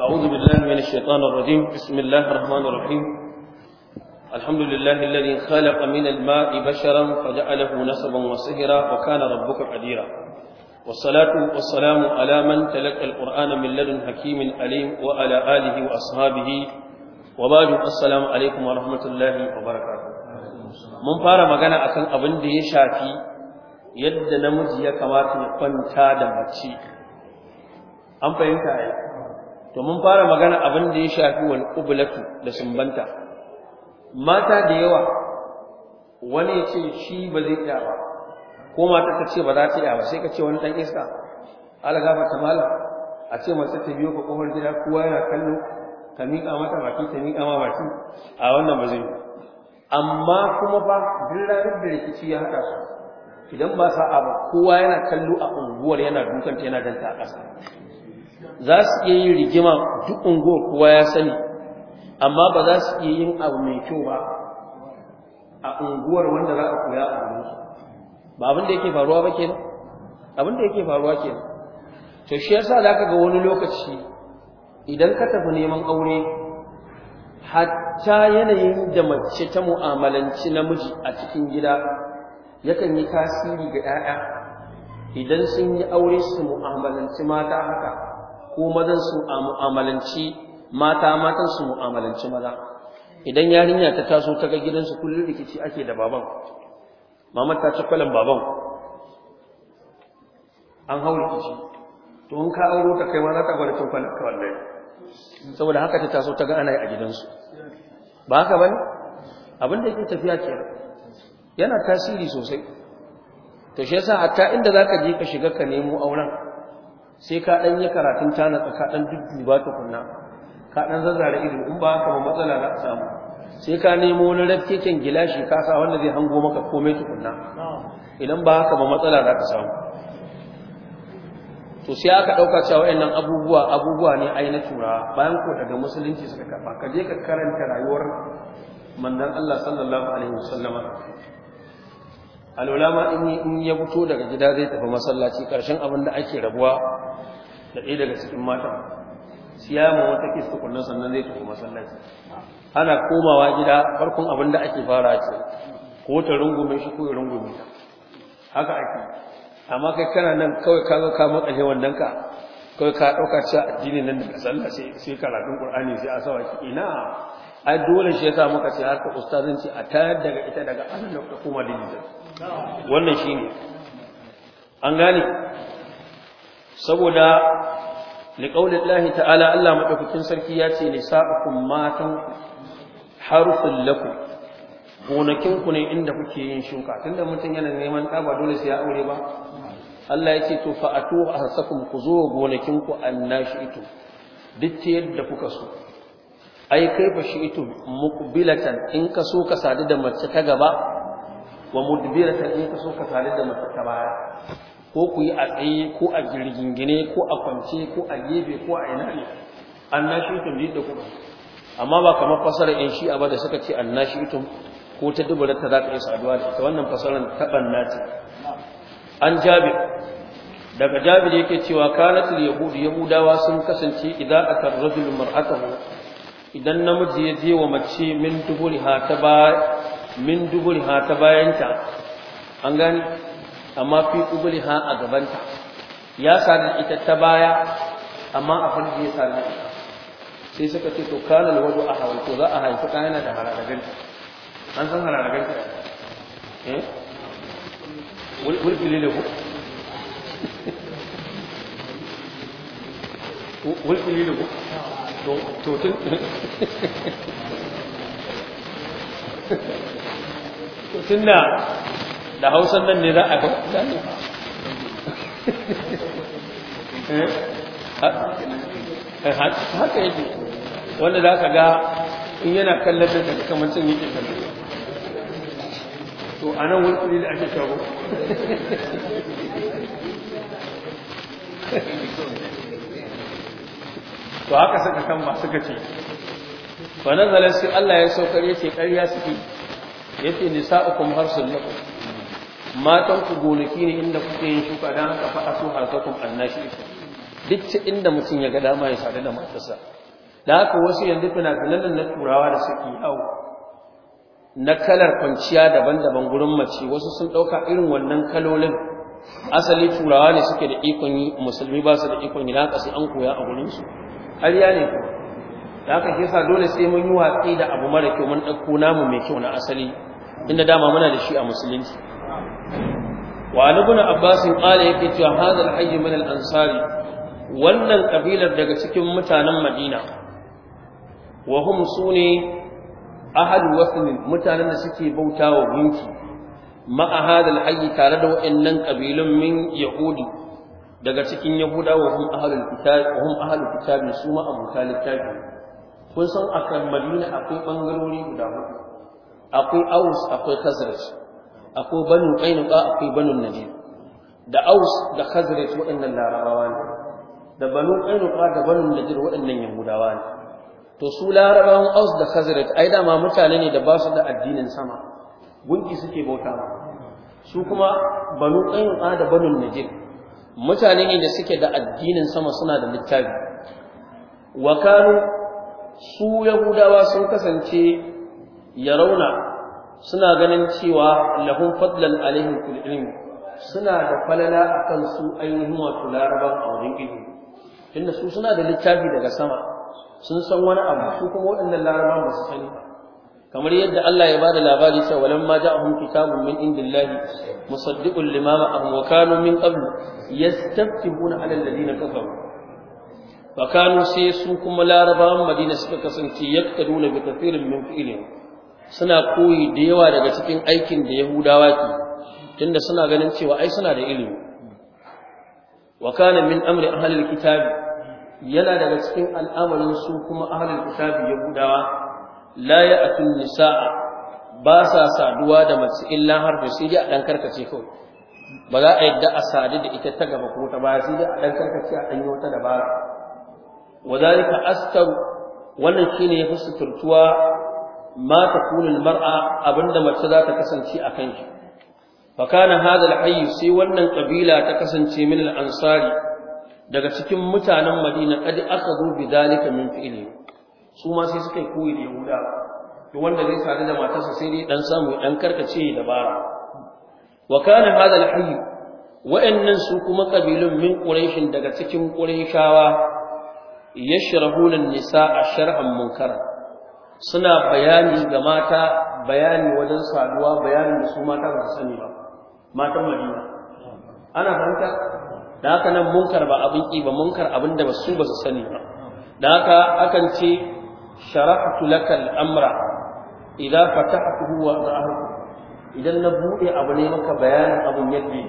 أعوذ بالله من الشيطان الرجيم بسم الله الرحمن الرحيم الحمد لله الذي خلق من الماء بشرا فجعله نسبا وسهرا وكان ربك قديرا والصلاة والسلام على من تلقى القرآن من لدن حكيم عليم وعلى آله وأصحابه وبعد السلام عليكم ورحمة الله وبركاته mun fara magana akan abin da ya shafi yadda namiji ya kamata ya kwanta da mace an fahimta ai to mun fara magana abin da ya shafi wal qublatu da sumbanta mata da yawa wani ya ce shi ba zai iya ba ko mata ta ce ba za ta iya ba sai ka ce wani dan iska algaba ta mala a ce mata ta biyo ka kofar gida kowa yana kallo ka miƙa mata baki ta miƙa ma baki a wannan ba zai amma kuma ba duk ranar da rikici ya haɗa su idan ba sa'a ba kowa yana kallo a unguwar yana dukanta yana danta a ƙasa za su iya yin rigima duk unguwar kowa ya sani amma ba za su iya yin abu mai kyau ba a unguwar wanda za a koya a wurin ba abin da yake faruwa ba kenan abin da yake faruwa kenan to shi yasa ka ga wani lokaci idan ka tafi neman aure hatta yanayin da mace ta mu'amalanci namiji a cikin gida yakan yi tasiri ga 'ya'ya idan sun yi aure su mu'amalanci mata haka ko mazan su a mu'amalanci mata matan su mu'amalanci maza idan yarinya ta taso ta ga gidansu kullum rikici ake da baban mamar ta ci kwalan baban an hau rikici to in ka auro ta kai ma za ta gwada cin kwalan ka wallahi saboda haka ta taso ta ga ana yi a gidansu ba haka bane abin da yake tafiya ke yana tasiri sosai to shi yasa hatta inda zaka je ka shiga ka nemo auren sai ka ɗan yi karatun tana ka ɗan dudduba tukunna ka ɗan zazzara irin in ba haka ba matsala za a samu sai ka nemo wani rafkeken gilashi ka sa wanda zai hango maka komai tukunna idan ba haka ba matsala za ka samu to sai aka ɗauka cewa waɗannan abubuwa abubuwa ne ai na turawa bayan ko daga musulunci suka kafa ka je ka karanta rayuwar manzon Allah sallallahu alaihi wasallama alwala ma in ya fito daga gida zai tafi masallaci karshen abin da ake rabuwa da ɗaya daga cikin matan siyama wata kis tukunna sannan zai tafi masallaci ana komawa gida farkon abin da ake fara ce ko ta rungume shi ko ya rungume ta haka ake amma kai kana nan kawai ka zo ka makale wannan ka kawai ka ɗauka cewa addini nan daga sallah sai karatun ƙur'ani sai a sawa ina ai dole shi yasa muka ce harka ustazanci a tayar daga ita daga asalin da kuma digital wannan shine an gane saboda liqaulillahi ta'ala Allah madaukakin sarki ya ce nisa'ukum matan harful lakum gonakin ku ne inda kuke yin shuka tunda mutum yana neman taba ba dole sai ya aure ba Allah ya ce to fa'atu ahsakum ku zo gonakin ku annashi ito duk yadda kuka so ai kaifa shi'tu muqbilatan in ka so ka sadu da mace ta gaba wa mudbiratan in ka so ka sadu da mace ta baya ko ku yi a tsaye ko a girgingine ko a kwance ko a gefe ko a ina ne annashitum da kuma amma ba kamar fasara in shi ba da suka ce annashitum ko ta dubura ta ka yi saduwa da ita wannan fasaran ta banna ce an jabi. daga jabir yake cewa kanatul yahud yahudawa sun kasance idan aka rajul mar'atahu idan namiji ya je wa mace min duburiha ta ba min ta bayanta an gani amma fi ha a gabanta ya sani ita ta baya amma a farji ya sani sai suka ce to kana wajo a hawa to za a haifi ta yana da hararagan an san hararagan ta eh wulkili ne ko wulkili ne ko tutun da hausan nan ne za a ga eh? in yana kallon da daga kamancin yake kallon to a nan da ake shago to haka suka kan ba suka ce fa nazala sai Allah ya saukar yace ƙarya suke yace nisa'ukum harsul lakum matan ku gonaki ne inda kuke yin shuka dan ka fa asu harsakum annashi duk ce inda mutum ya ga dama ya sadu da matarsa da haka wasu yanzu fina-finan na turawa da suke yawo na kalar kwanciya daban-daban gurin mace wasu sun ɗauka irin wannan kalolin asali turawa ne suke da ikon yi musulmi ba su da ikon yi na haka an koya a gurinsu ƙarya ne ku da haka ke sa dole sai mun yi watsi da abu mara kyau mun ɗauko namu mai kyau na asali inda dama muna da shi a musulunci wa abbasin abbas ya yake cewa hadha al al-ansari wannan ƙabilar daga cikin mutanen madina wa hum sune ahadu wasnin mutanen da suke bautawa gunki ma'a hadal hayyi tare da wa'annan ƙabilun min yahudi daga cikin yahuda wa hum ahlul kitab wa hum ahlul kitab su ma abuta littafi kun san akan madina akwai bangarori guda hudu akwai aus akwai khazraj akwai banu qainuqa akwai banu nadir da aus da khazraj waɗannan larabawa ne da banu qainuqa da banu nadir waɗannan yahudawa ne to su larabawan aus da khazraj ai da ma mutane ne da ba su da addinin sama gunki suke bauta su kuma banu qainuqa da banu nadir mutane ne da suke da addinin sama suna da littafi wa kanu su yahudawa sun kasance ya rauna suna ganin cewa lahum fadlan alaihim fil ilm suna da falala akan su ainihin wato laraban a wajen ilmi tunda su suna da littafi daga sama sun san wani abu su kuma waɗannan laraban ba su sani ba kamar yadda Allah ya bada labari cewa walamma ja'ahum kitabun min indillahi musaddiqun lima ma'ahum wa kanu min qabl yastafihuna 'ala alladhina kafaru fa kanu sai su kuma larabawan madina suka kasance yaktaduna bi kathirin min fi'lihim suna koyi da yawa daga cikin aikin da yahudawa ke tunda suna ganin cewa ai suna da ilimi wa kana min amri ahli alkitab yana daga cikin al'amarin su kuma ahli alkitab yahudawa la ya'tun nisaa ba sa saduwa da mace illa harfi sai a dan karkace kawai ba za a yadda a sadu da ita ta gaba ko ta baya sai dai a dan karkace a dan yi wata dabara wadalika astar wannan shine yafi suturtuwa ma kulun mar'a, abinda mace za ta kasance a kanki fa kana hadha alhayy sai wannan kabila ta kasance min al-ansari daga cikin mutanen Madina kadi aka zo bidalika min fi'li su ma sai suka yi koyi da yahuda to wanda zai sadu da matarsa sai dai dan samu dan karkace da bara wa kana hadha al-hayy wa'annan su kuma qabilun min quraish daga cikin quraishawa yashrahun an-nisaa shar'an munkar suna bayani ga mata bayani wajen saduwa bayani da su mata ba su sani ba matan madina ana fahimta da haka nan munkar ba abin ki ba munkar abin da su ba su sani ba da haka akan ce shara'atu lakal amra idan fata'tuhu wa idan na buɗe abu ne maka bayanin abun yadda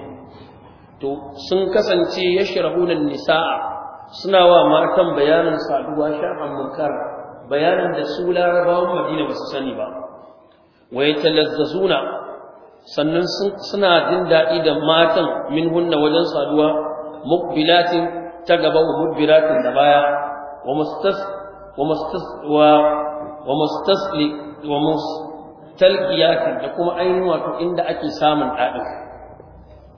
to sun kasance ya yashrahuna nisaa suna wa matan bayanin saduwa sha'an munkar bayanin da su larabawan madina ba su sani ba wa yatalazzazuna sannan suna jin daɗi da matan minhunna wajen saduwa mukbilatin ta gaba wa mudbiratin da baya wa mustas wa mustasli wa mustalqiyatin da kuma ainihin wato inda ake samun dadin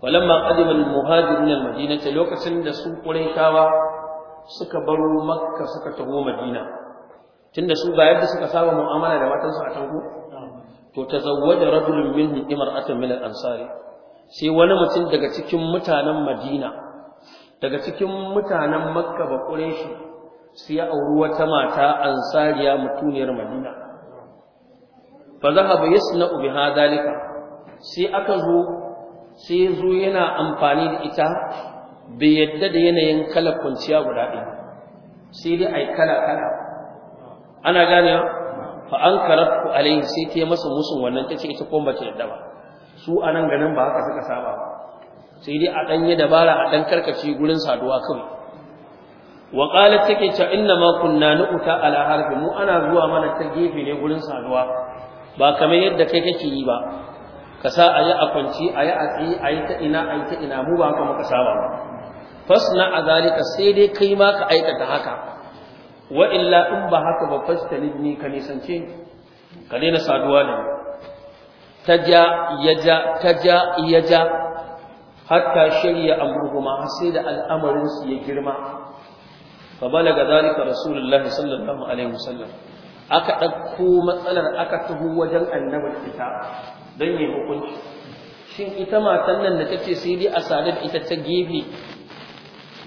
falamma qadima al-muhajirin al-madinata lokacin da su quraishawa suka baro makka suka taho madina tunda su ga yadda suka saba mu'amala da matansu a tango to tazawwaja rajulun minhum imra'atan min al-ansari sai wani mutum daga cikin mutanen daga cikin mutanen makka ba sai ya auri wata mata ansariya mutuniyar madina fa zahaba yasna'u bi dalika sai aka zo sai zo yana amfani da ita bai yadda da yanayin kalar kwanciya guda ɗaya sai dai ai kala kala ana gane fa an karatu alaihi sai ta yi masa musun wannan tace ita ko ba ta yadda ba su anan ganin ba haka suka saba ba sai dai a yi dabara a ɗan karkace gurin saduwa kawai wa qalat take cewa inna ma kunna nu'ta ala harfi mu ana zuwa mana ta gefe ne gurin saduwa ba kamar yadda kai kake yi ba ka sa ayi a kwanci ayi a tsayi ayi ta ina ayi ta ina mu ba haka muka saba ba fasna azalika sai dai kai ma ka aikata haka wa illa in ba haka ba fastalibni ka nisance ka daina saduwa da taja yaja taja yaja hatta shirya amruhuma har sai da al'amarin su ya girma fa balaga zalika rasulullahi sallallahu alaihi wasallam aka ɗauko matsalar aka taho wajen annabar ita don yi hukunci shin ita matan nan da tace sai dai a sadar ita ta gefe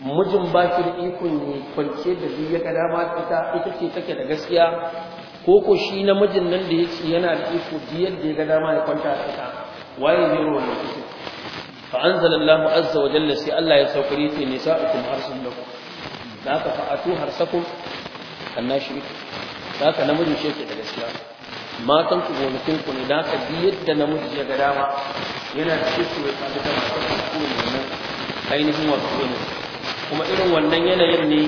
mijin ba ki da ikon ne kwance da duk ya kada ma ita ita ce take da gaskiya ko ko shi namijin nan da yake yana da iko diyar da ya ga dama ya kwanta a ita waye zai ruwa ne fa anzalallahu azza wa jalla sai Allah ya saukare ce nisa'ukum harsun lakum da aka fa'atu har sakun annashi da ka namiji shi ke da gaskiya matan ku gonakin ku ne da ka bi yadda namiji ya ga dama yana da shi ya tsabi da masu kuma wannan ainihin wasu ne kuma irin wannan yanayin ne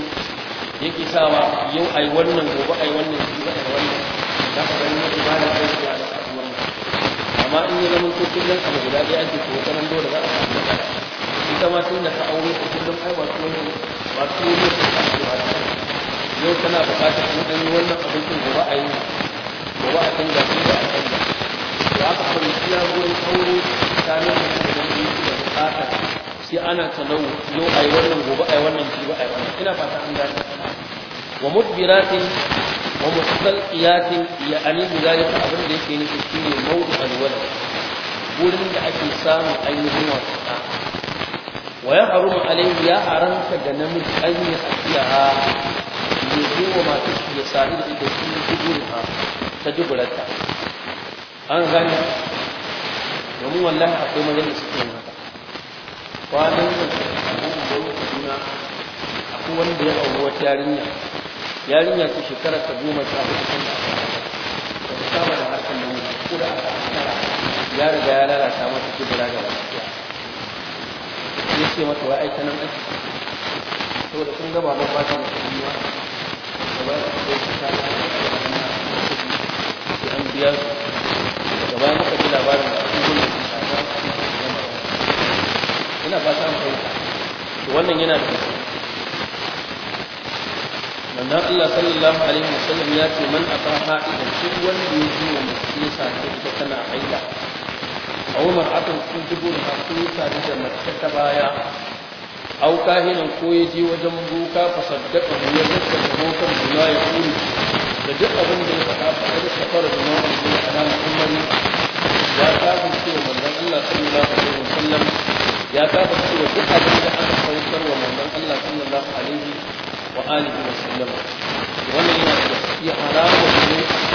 yake sawa yau ai wannan gobe ai wannan shi ba ai wannan da ka ga ne ba da kai wannan. amma in ya zama kullun abu guda ɗaya ake ko kanan dole za a samu ita ma tun da ta aure ta kullum ai wato wani wato wani su ta ce wasu yau tana buƙatar in an yi wannan abincin gobe a yi ba a da shi da a canza to aka fahimci ya zo aure ta ne da da yi da buƙatar sai ana talau yau a yi wannan gobe a yi wannan jibi a yi wannan ina fata an gane wa mudbiratin wa mustalqiyatin ya anibu ta abin da yake nufi shine mawdu'ul walad gurin da ake samu ainihin wasu wa ya harumu alaihi ya haramta ga namiji an yi asiyaha ya zo wa masu shi ya sami da ita sun duburta ta duburarta an gani domin wallahi akwai mazan suke yin haka kwanan nan da juna akwai wanda ya auri wata yarinya yarinya ta shekara ta goma sha hudu da aka da harkar nan ko da aka ya riga ya lalata masa kibira ga gaskiya ya ce mata wai aika nan ake saboda kun gaba ban ba ta mutum biya da ba ta kai ta ta ta ta an biya su da bayan muka ji labarin da su gudu da ta ta ina ba ta amfani to wannan yana da manzon Allah sallallahu alaihi wasallam ya ce man aka idan shi wanda ya ji wa mutum ya sa ta tana aida. aw mar'atun sun dubu da sun sadu da mace ta baya au kahinan ko ya je wajen boka fa saddaka da ya zaka da bokan bima ya kuri da duk abin da ya faɗa fa ai da fara da mamu da kana muhammadi ya kafin cewa manzon Allah sallallahu alaihi wasallam ya kafin cewa duk abin da aka saukar wa manzon Allah sallallahu alaihi wa alihi wasallam wannan yana da haramun ne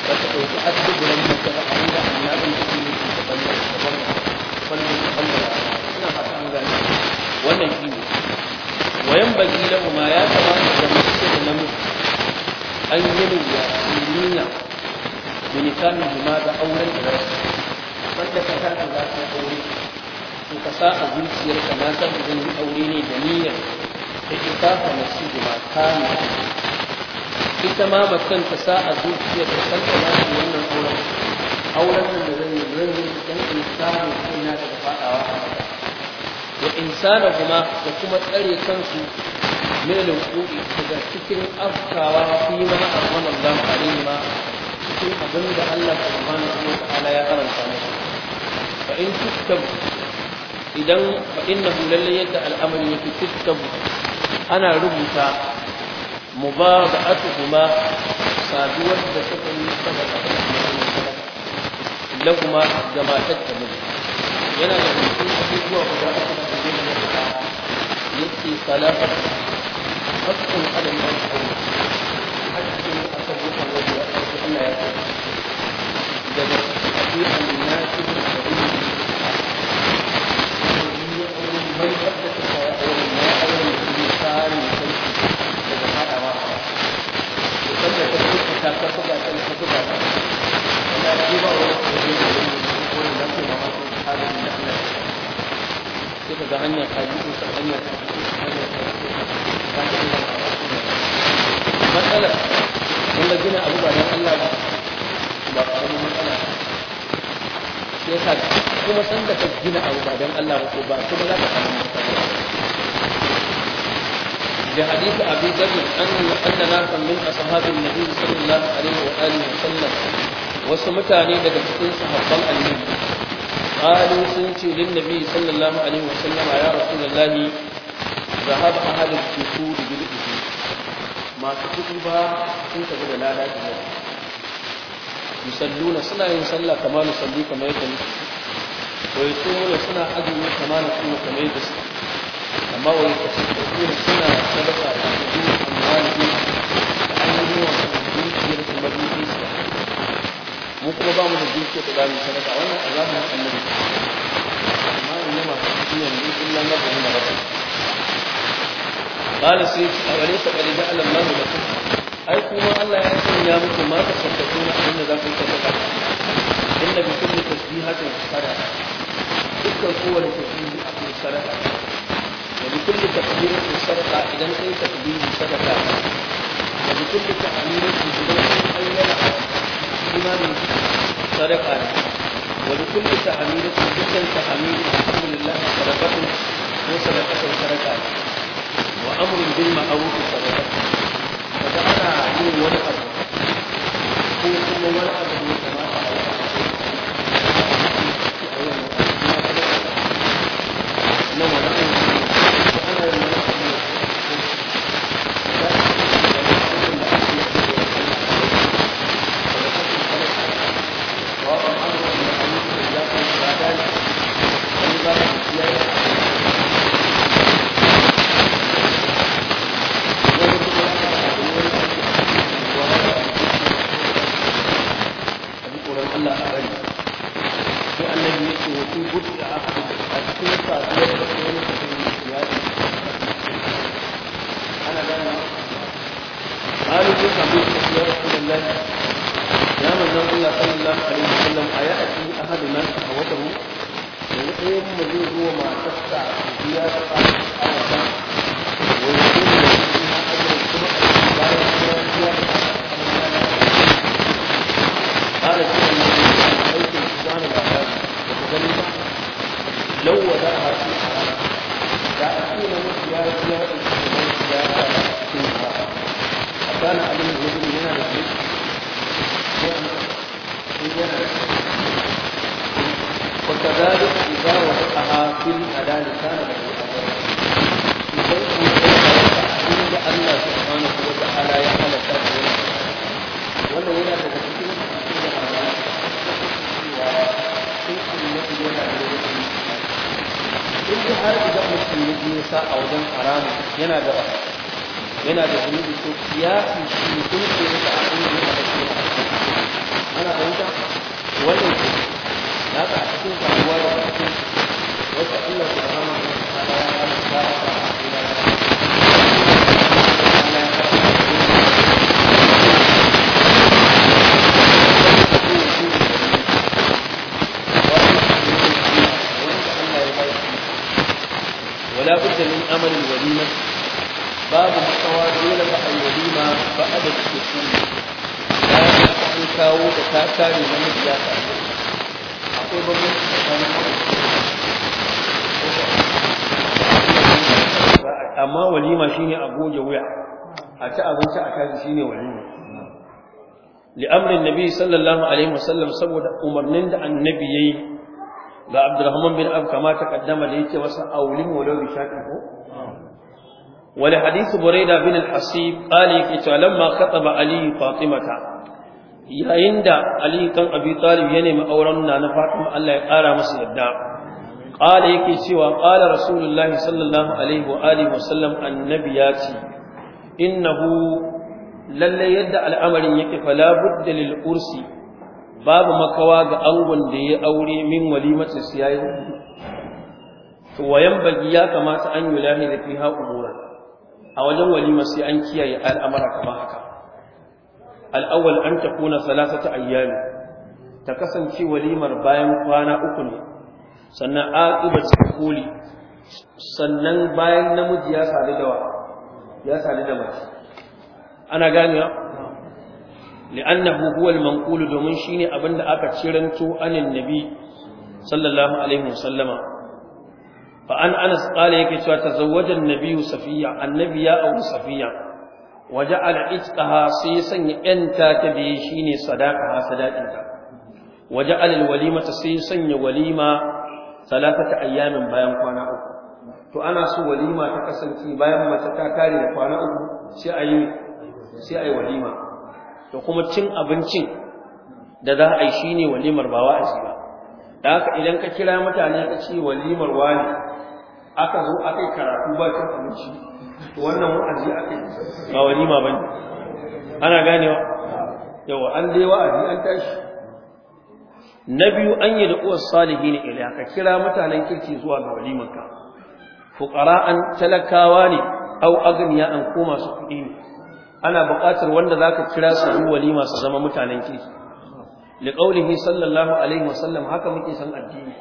ba ta ɗauki adduburan da ta ba an ga annabin da ke ta banda ta banda wannan ta banda ina fata an wannan shi ne wayan bagi ma ya kamata da mace da namiji an yi rubuwa sirina minikanin jima'a auren da za su wanda ka tafi za ka aure to ka sa a zuciyarka na san zan yi aure ne da niyyar da ke kafa masu jima'a kamar ita ma ba san ta sa a zuciya ta san ta yi wannan auren auren nan da zan yi zan yi dan in samu kaina daga fadawa wa insana kuma da kuma tsare kansu min al daga cikin afkawa fi ma arhamar Allah alayhi ma cikin abin da Allah subhanahu wa ta'ala ya karanta musu fa in tuktabu idan fa innahu lalle yadda al'amari yake tuktabu ana rubuta مباغضتهما صادوا بسبب السبب لهما جماعتك من هنا يعني في جوا حق الالم حق الاسبوع الذي اخذ suka ba wanda ya ba wani kogin da wani kogin da ke mama sun tsada da Allah sai ka ga hanyar kaji sun san hanyar kaji sun san hanyar kaji ba ta Allah matsala wanda gina abu ba don Allah ba ba ta wani matsala sai ka kuma san da ka gina abu ba don Allah ba ko ba kuma za ka samu matsala بحديث أبي ذر أن أن ناسا من أصحاب النبي صلى الله عليه وآله وسلم وسمتاني لك تكون صحابا النبي قالوا سنتي للنبي صلى الله عليه وسلم يا رسول الله ذهب أهل الكفور بالإسلام ما تكتبها كنت بدل لا لا يصلون سنة يصلى كما نصلي كما يتنسي ويصومون سنة أدمي كما نصوم كما يتنسي amma wani kasantattu suna sadaka da su amwani da ainihin dukiyar su mazuki su mu kuma ba mu da dukiyar da za mu sadaka wannan azabar annabi amma in yi masu ciyon ne illa na kuma da قال سيف أوليس قد جعل الله لكم أي كما الله يكون يا بكم ما تصدقون أن ذاك الصدقة إن بكل تسبيحة صدقة تلك القوة التي أقل صدقة وبكل تقدير صدقة إذا أي تقدير صدقة وبكل تأمين إذا أي يلعب إيمان صدقة وبكل تأمين جدا تأمين الحمد لله صدقة وصدقة صدقة وأمر بالمعروف صدقة فجعل عين ولد ko kuma wani abu ne kamar لو وضع haram yana da yana da zunubi to kiyasi shi ne kun ke da abin da ya ke ana fahimta wannan ke da a cikin rayuwa da wata cikin wata Allah subhanahu ta tare na miji ya tare akwai bambanci amma walima shine a wuya a ci abinci a kaji shine walima li'amrin nabi sallallahu alaihi wasallam saboda umarnin da annabi yayi ga abdurrahman bin abu kama ta kaddama da yake masa aulin walau bishaqi ko wal hadith burayda bin al-hasib qali yake cewa lamma khataba ali fatimata yayin da Aliyu kan Abi Talib ya nemi auren na na Fatima Allah ya ƙara masa yadda Ƙala yake cewa ƙala rasulullahi sallallahu alaihi wa alihi wa annabi ya ce innahu lalle yadda al'amarin yake fala budda lil ursi babu makawa ga angon da ya aure min walimatu siyayi to wayan bagi ya kamata an yulahi da fiha umura a wajen walima sai an kiyaye al'amara kamar haka Al'awal an takuna salasata ayyami ta kasance walimar bayan kwana uku ne sannan aqibat kuli sannan bayan namiji ya sadu da ya sadu da mace ana ganewa li'annahu huwa al-manqul domin shine abinda aka ciranto anin nabi sallallahu alaihi wasallama fa an anas qala yake cewa tazawwaja an-nabiyyu safiya annabi ya auri safiya waje al'isƙaha sai sanya ‘yanta ta da ya shi ne sadaka ha sadakinta. waje walima ta sai sanya walima talatata ayyamin bayan kwana uku to ana so walima ta kasance bayan mace ta kare da kwana uku sai a yi walima to kuma cin abincin da za a yi shi ne walimar ba wa'azi ba da haka idan ka kira mutane ka ce walimar wani aka zo aka yi karatu ba cin abinci wannan wa'azi aka ba wani ma bane ana ganewa yawa an dai wa'azi an tashi na biyu an yi da uwar salihi ne ka kira mutanen kirki zuwa ga walimarka fuqara'an talakawa ne au agniya an koma su kuɗi ne ana buƙatar wanda zaka kira su yi walima su zama mutanen kirki liqaulihi sallallahu alaihi wasallam haka muke san addini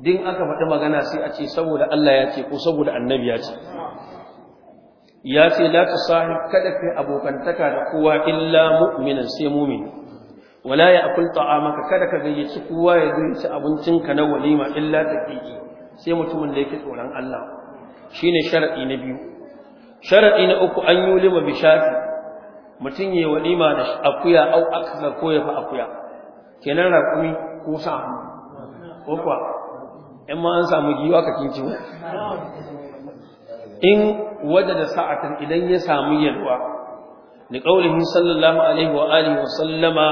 din aka faɗi magana sai a ce saboda Allah ya ce ko saboda annabi ya ce ya ce la sahi kada kai abokantaka da kowa illa mu'minin sai mu'min wala akul ta'amaka kada ka gayyaci kowa ya zo abincin ka na walima illa taqiqi sai mutumin da yake tsoron Allah shine sharadi na biyu sharadi na uku an yi yulima bi shafi mutum yayi walima da akuya au akza ko ya fa akuya kenan raƙumi ko sa ko kwa in ma an samu giwa ka kinci in wajada sa'atan idan ya samu yalwa li qaulihi sallallahu alaihi wa alihi wa sallama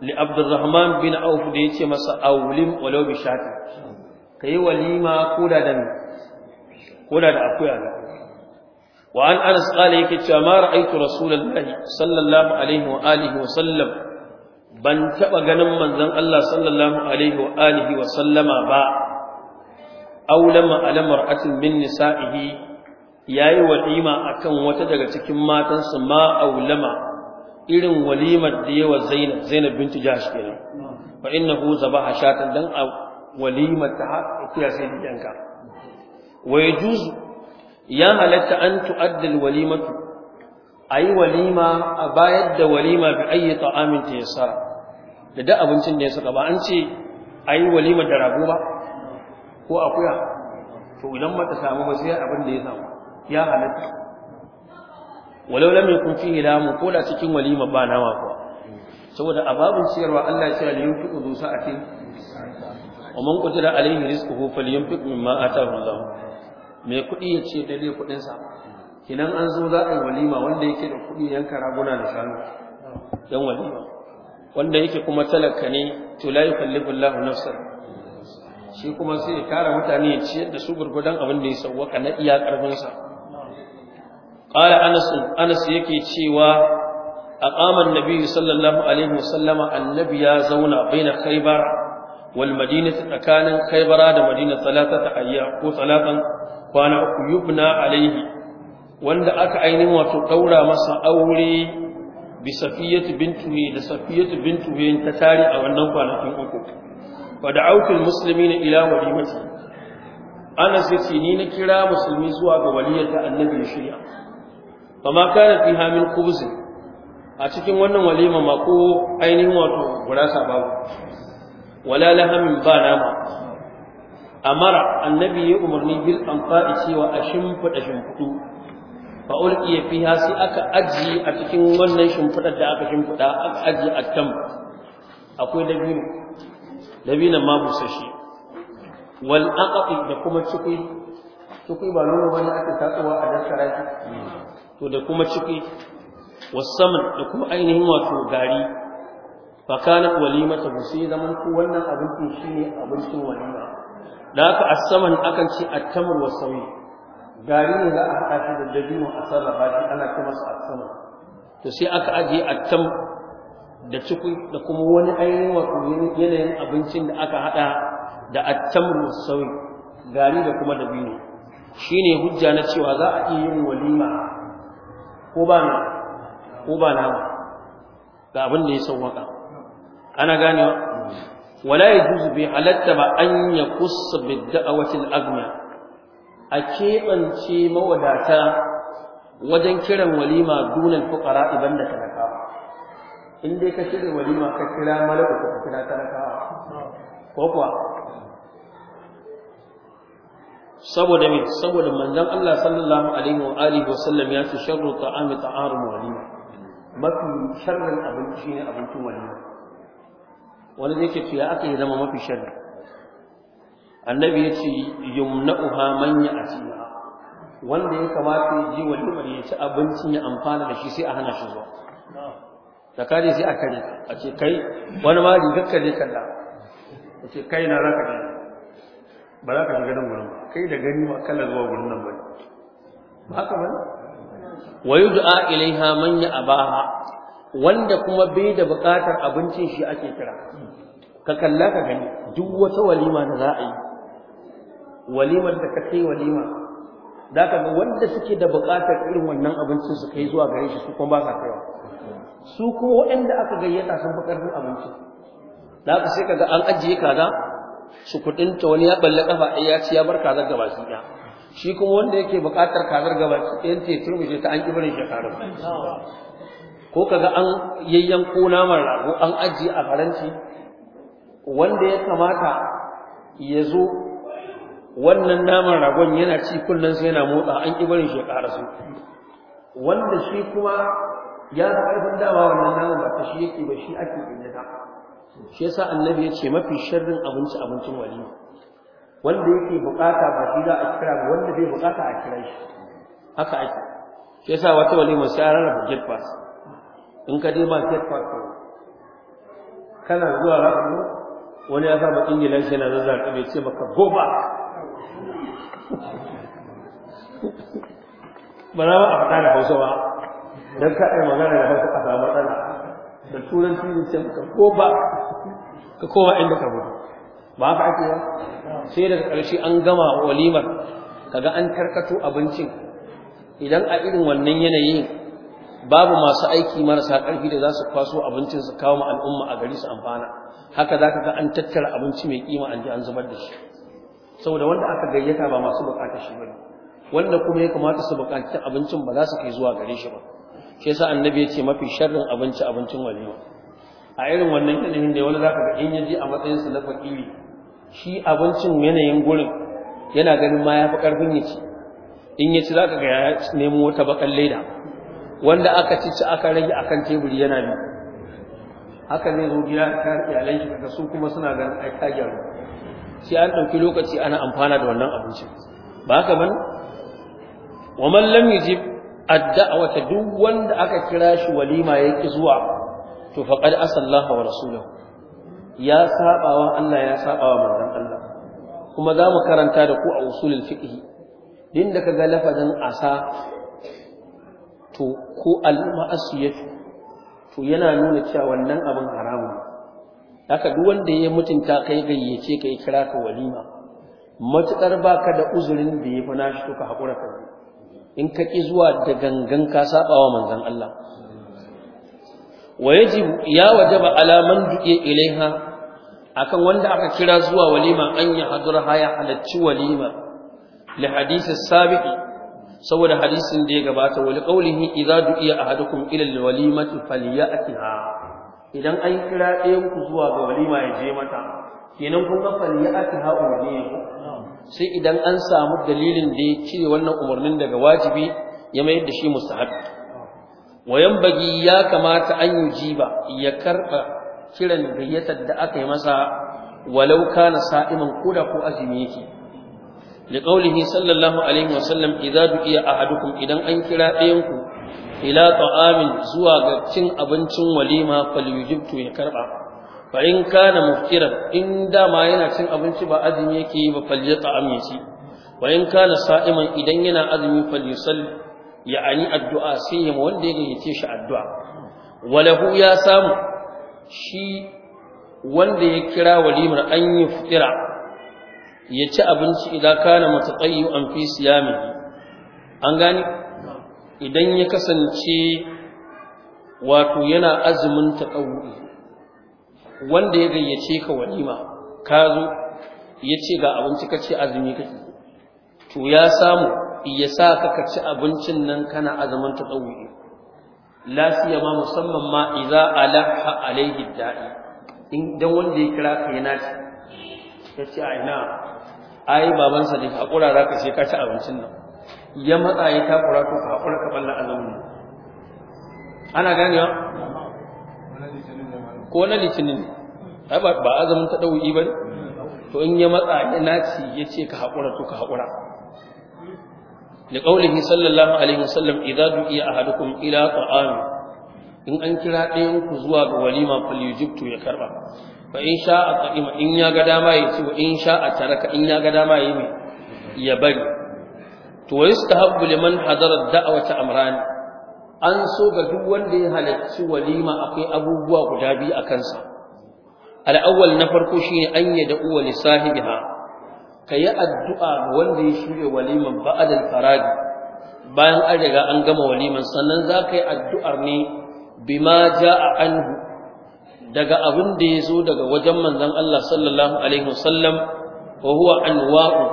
li abdurrahman bin auf da yace masa awlim walau bi shati kai walima koda da koda da akuya ne wa an anas qala yake cewa ma ra'aytu rasulullahi sallallahu alaihi wa alihi wa sallam ban taba ganin manzon Allah sallallahu alaihi wa alihi wa sallama ba aulama alamar atin min nisa'ihi yayi walima akan wata daga cikin matansa ma aulama irin walimar da yawa Zainab Zainab binti Jahsh kenan fa innahu zabaha shatan dan walimar ta akuya sai yanka wa yajuz ya halatta an tu'adda walimatu ayi walima a bayar da walima bi ayyi ta'amin tayassara da da abincin da ya saka ba an ce ayi walima da rago ba ko akuya to idan mata samu ba sai abin da ya samu ya halatta walau lam yakun fihi lamu ko la cikin walima ba nawa kuwa saboda a babin ciyarwa Allah ya ce ne yunfiqu zu sa'atin wa man qadara alayhi rizquhu falyunfiq mimma ataahu Allah me kudi ya ce dai kudin sa kinan an zo za a yi walima wanda yake da kudi yanka raguna da shanu dan walima wanda yake kuma talaka ne to la yukallifu Allah nafsan shi kuma sai ya kara mutane ya ciyar da su gurgudan abin da ya sawwaka na iya karfin sa قال أنس أنس يكي تشيوا أقام النبي صلى الله عليه وسلم النبي زونا بين خيبر والمدينة مكان خيبر مدينة ثلاثة أيام وثلاثا وأنا يبنى عليه wanda aka ainihin wato daura masa aure bi safiyatu bintuhi da safiyatu bintuhi ta tare a wannan kwanakin uku wa da'awtul muslimina ila walimati Anas yace ni na kira musulmi zuwa ga ta annabi shirya. amma kana fi hamil khubz a cikin wannan walima ma ko ainihin wato gurasa babu wala la hamin ba nama amara annabi ya umarni bil anfa'i cewa a shimfida shimfidu fa ulqiya fiha sai aka aji a cikin wannan shimfidar da aka shimfida aka aji tam akwai dabino dabinan ma busashi wal aqati da kuma cikin cikin ba nuna wani ake tatsuwa a dakkara to da kuma ciki wasaman da kuma ainihin wato gari fa kanat walimata sai zaman ku wannan abinci shine abincin walima da aka asaman akan ce at wasawi gari ne za a haɗa shi da dabino a sarrafa shi ana kuma su asama to sai aka ajiye attam da ciki da kuma wani ainihin wato yanayin abincin da aka haɗa da attamr wasawi gari da kuma dabino shine hujja na cewa za a iya yin walima ko ba na ko ba na ga abin da ya sauwaka ana ganewa wala yajuzu bi halatta ba an kusa bid da'awati al-aghna a keɓance mawadata wajen kiran walima dunan fuqara idan da talaka in dai ka shirya walima ka kira malaka ka kira talaka ko kuwa saboda me saboda manzon Allah sallallahu alaihi wa alihi wa ya ce sharru ta'ami ta'arum walima mafi sharrin abinci ne abincin walima wani zai ce ya aka yi zama mafi sharri annabi ya ce yumna'uha man ya'tiha wanda ya kamata ya ji walima ya ci abincin ya amfana da shi sai a hana shi zuwa da kare sai a kare a ce kai wani ma rigar kare kalla a ce kai na raka ne ba za ka shiga nan gurin ba kai da gani ba kana zuwa gurin nan ba ba ka bane wa yud'a ilaiha man ya'baha wanda kuma bai da bukatar abincin shi ake kira ka kalla ka gani duk wata walima da za a yi walimar da ka kai walima da ka ga wanda suke da bukatar irin wannan abincin su kai zuwa gare shi su kuma ba sa kaiwa su kuma waɗanda aka gayyata sun fi ƙarfin abinci da haka sai kaga an ajiye kaza su kuɗinta wani ya balle kafa ɗaya ya ci ya bar kazar gaba shi ɗaya shi kuma wanda yake buƙatar kazar gaba ɗayan ta turmushe ta an kibarin shekaru ko kaga an yayyanko naman rago an ajiye a faranti wanda ya kamata ya zo wannan naman ragon yana ci kullum sai yana motsa an kibarin shekaru su wanda shi kuma ya ga ƙarfin dama wannan naman ba ta shi yake ba shi ake kinyata shi yasa annabi ya ce mafi sharrin abinci abincin walima wanda yake bukata ba shi za a kira ba wanda bai bukata a kira shi haka ake shi yasa wata walima sai an rarraba get pass in ka je ba get pass kana zuwa rabu wani ya sa bakin gilan shi na zazzaɓi bai ce maka go ba ba na ba a faɗa da hausa ba don ka magana da hausa a samu matsala da turanci ne sai ka ko ba ka koma inda ka bude ba haka ake ba sai daga ƙarshe an gama walimar kaga an tarkato abincin idan a irin wannan yanayin babu masu aiki marasa ƙarfi da za su kwaso abincin su kawo al'umma a gari su amfana haka za ka ga an tattara abinci mai kima an ji an zubar da shi saboda wanda aka gayyata ba masu buƙatar shi bane wanda kuma ya kamata su buƙaci abincin ba za su kai zuwa gare shi ba shi yasa annabi yace mafi sharrin abinci abincin walima a irin wannan yanayin da wani zaka ga in yaji a matsayin sa na fakiri shi abincin yanayin gurin yana ganin ma yafi karfin ya ci in ya ci zaka ga ya nemo wata bakan leda wanda aka ci ci aka rage akan teburi yana bi haka zai zo gida ka iyalan shi kaga su kuma suna ganin ai ka gyaru sai an ɗauki lokaci ana amfana da wannan abincin ba haka bane wa man lam yujib Adda a dawata duk wanda aka kira shi walima yake zuwa to faqad asallaha wa rasulahu ya sabawa Allah ya sabawa manzon Allah kuma za mu karanta da ku a usulul fiqh din da kaga lafazin asa to ko al-ma'asiyatu to yana nuna cewa wannan abin haramun haka duk wanda ya mutunta kai gayyace kai kira ka walima matukar baka da uzurin da yafi nashi to ka hakura ka in ka ƙi zuwa da gangan ka wa manzan Allah wa yajibu ya wajaba alaman duke ilaiha akan wanda aka kira zuwa walima an yi hadurha ya halacci walima li hadisi sabiqi saboda hadisin da ya gabata wal qawlihi idza du'iya ahadukum ila al walimati falyatiha idan an kira ɗayan ku zuwa ga walima ya je mata kenan kun ga falyatiha ne sai idan an samu dalilin da ya cire wannan umarnin daga wajibi ya mayar da shi mustahabi wayan bagi ya kamata an yi jiba ya karɓa kiran gayyatar da aka yi masa walauka na sa'iman koda ko azumi yake li qawlihi sallallahu alaihi wasallam idza du'iya ahadukum idan an kira ɗayan ku ila ta'amin zuwa ga cin abincin walima falyujibtu ya karba fa in kana muftiran in dama yana cin abinci ba azumi yake yi ba falyata amisi wa in kana sa'iman idan yana azumi falyusalli ya'ani addu'a sai ya wanda ya ce shi addu'a walahu ya samu shi wanda ya kira walimar an yi fitira ya ci abinci idan kana mutaqayyu an fi siyami an gani idan ya kasance wato yana azumin taqawwu wanda ya gayyace ka walima ka zo ya ce ga abinci ka ce azumi kake to ya samu ya sa ka ka ci abincin nan kana azumin ta ɗauki lafiya ma musamman ma iza alaha alaihi da'i in dan wanda ya kira ka yana ci ya ce a na ai babansa ne hakura zaka ce ka ci abincin nan ya matsa ya takura to ka hakura ka balla azumin ana ganewa ko na litinin ne ba azumin ta ɗau'i ba to in ya matsa ya naci ya ce ka haƙura to ka haƙura da ƙaulihi sallallahu alaihi wasallam idza du'iya ahadukum ila ta'am in an kira ɗayan ku zuwa ga walima falyujibtu ya karba fa in sha a qa'ima in ya ga dama ya ci wa in sha a taraka in ya ga dama ya yi ya bari to wa yustahabbu liman hadara da'awata amrani an so ga duk wanda ya halarci walima akwai abubuwa guda biyu a kansa al'awwal na farko shine an yada uwa li Ka yi addu'a wanda ya shirya waliman ba'adar al bayan an riga an gama waliman sannan za ka yi addu'ar ne bima ja'a anhu daga abin da ya zo daga wajen manzon Allah sallallahu alaihi wasallam wa huwa anwa'u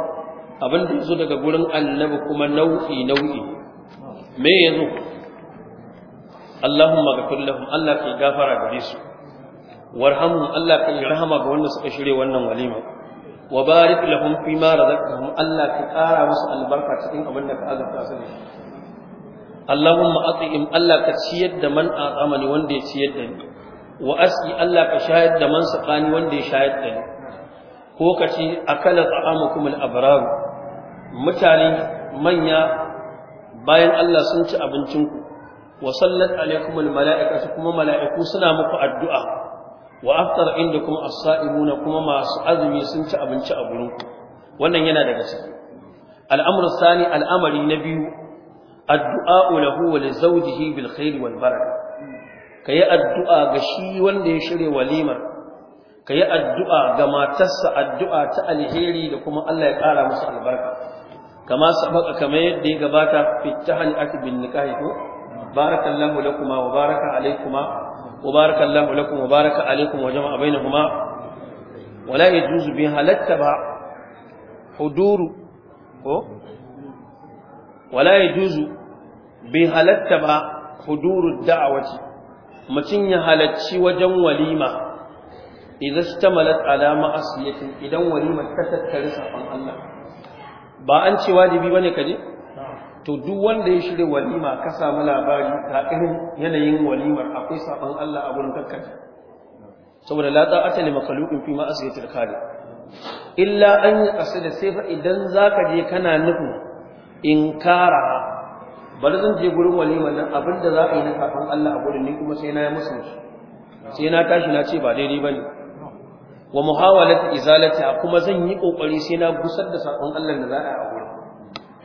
abin da ya zo daga gurin annabi kuma nau'i nau'i me yazo Allahumma ghfir lahum Allah kai gafara gare su warhamhum Allah kai rahama ga wanda suka shirye wannan walima wa barik lahum fi ma razaqtahum Allah ka kara musu albarka cikin abin da ka azurta su ne Allahumma at'im Allah ka ciyar da man a'amani wanda ya ciyar da ni wa asqi Allah ka shayar da man saqani wanda ya shayar da ni ko ka ci akala ta'amukum al-abrar mutane manya bayan Allah sun ci abincinku wa sallat alaikum almala'ikatu kuma mala'iku suna muku addu'a wa aftar indakum as-sa'imuna kuma masu azumi sun ci abinci a gurin wannan yana da ciki al'amru sani al'amari na biyu addu'a lahu wa li zawjihi bil khair wal baraka kayi addu'a ga shi wanda ya shirya walimar kayi addu'a ga matarsa addu'a ta alheri da kuma Allah ya ƙara musu albarka kama sabaka kamar yadda ya gabata fitahan akbin nikahi ko barakallahu lakuma wa baraka alaykuma wa barakallahu lakum wa baraka alaykum wa wa la yajuzu bi halatta ba huduru ko wa la yajuzu bi halatta ba huduru da'awati mutun ya halacci wajen walima idan istamalat ala ma'asiyatin idan walimar ta tattare Allah ba an ce wajibi bane kaje to duk wanda ya shirya walima ka samu labari ga irin yanayin walimar akwai saban Allah a gurin kakka. saboda la ta'ata li makhluqin fi ma asyatil kare. illa an yaqsida sai fa idan zaka je kana nufin inkara bari zan je gurin walimar nan abinda za ka yi na saban Allah a gurin ni kuma sai na yi musu sai na tashi na ce ba daidai ba ne. wa muhawalat izalati kuma zan yi kokari sai na gusar da sakon Allah da za a yi